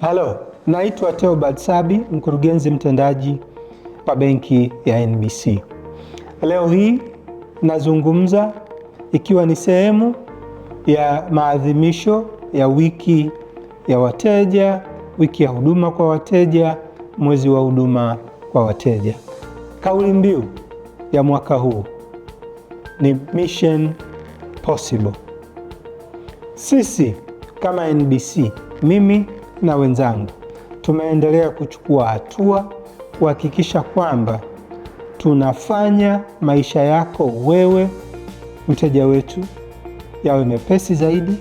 Halo, naitwa Theobald Sabi, mkurugenzi mtendaji wa benki ya NBC. Leo hii nazungumza ikiwa ni sehemu ya maadhimisho ya wiki ya wateja, wiki ya huduma kwa wateja, mwezi wa huduma kwa wateja. Kauli mbiu ya mwaka huu ni Mission Possible. Sisi kama NBC, mimi na wenzangu tumeendelea kuchukua hatua kuhakikisha kwamba tunafanya maisha yako wewe mteja wetu yawe mepesi zaidi,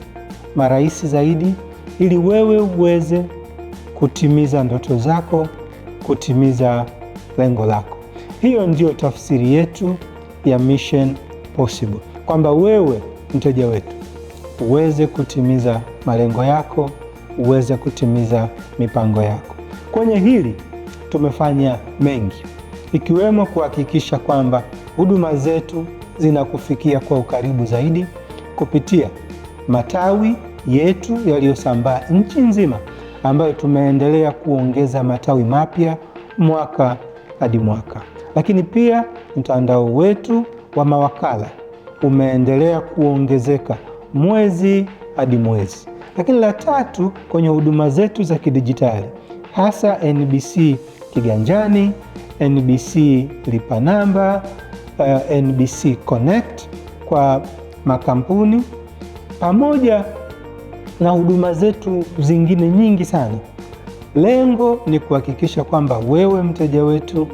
marahisi zaidi, ili wewe uweze kutimiza ndoto zako, kutimiza lengo lako. Hiyo ndiyo tafsiri yetu ya Mission Possible, kwamba wewe mteja wetu uweze kutimiza malengo yako uweze kutimiza mipango yako. Kwenye hili tumefanya mengi, ikiwemo kuhakikisha kwamba huduma zetu zinakufikia kwa ukaribu zaidi kupitia matawi yetu yaliyosambaa nchi nzima, ambayo tumeendelea kuongeza matawi mapya mwaka hadi mwaka. Lakini pia mtandao wetu wa mawakala umeendelea kuongezeka mwezi hadi mwezi. Lakini la tatu, kwenye huduma zetu za kidijitali hasa NBC Kiganjani, NBC Lipa Namba, uh, eh, NBC Connect kwa makampuni pamoja na huduma zetu zingine nyingi sana. Lengo ni kuhakikisha kwamba wewe mteja wetu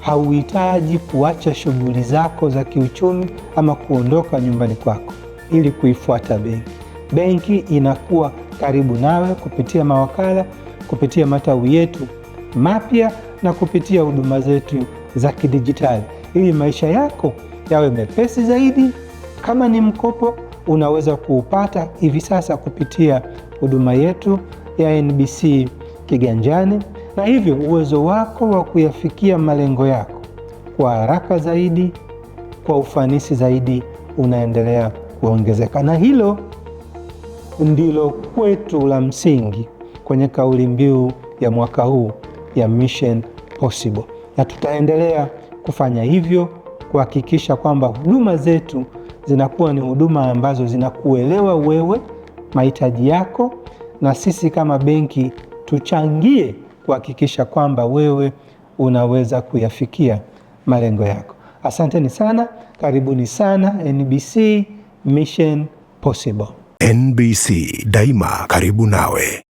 hauhitaji kuacha shughuli zako za kiuchumi ama kuondoka nyumbani kwako ili kuifuata benki benki inakuwa karibu nawe kupitia mawakala, kupitia matawi yetu mapya na kupitia huduma zetu za kidijitali, ili maisha yako yawe mepesi zaidi. Kama ni mkopo, unaweza kuupata hivi sasa kupitia huduma yetu ya NBC Kiganjani, na hivyo uwezo wako wa kuyafikia malengo yako kwa haraka zaidi, kwa ufanisi zaidi, unaendelea kuongezeka na hilo ndilo kwetu la msingi kwenye kauli mbiu ya mwaka huu ya Mission Possible, na tutaendelea kufanya hivyo kuhakikisha kwamba huduma zetu zinakuwa ni huduma ambazo zinakuelewa wewe, mahitaji yako, na sisi kama benki tuchangie kuhakikisha kwamba wewe unaweza kuyafikia malengo yako. Asanteni sana, karibuni sana NBC Mission Possible. NBC daima karibu nawe.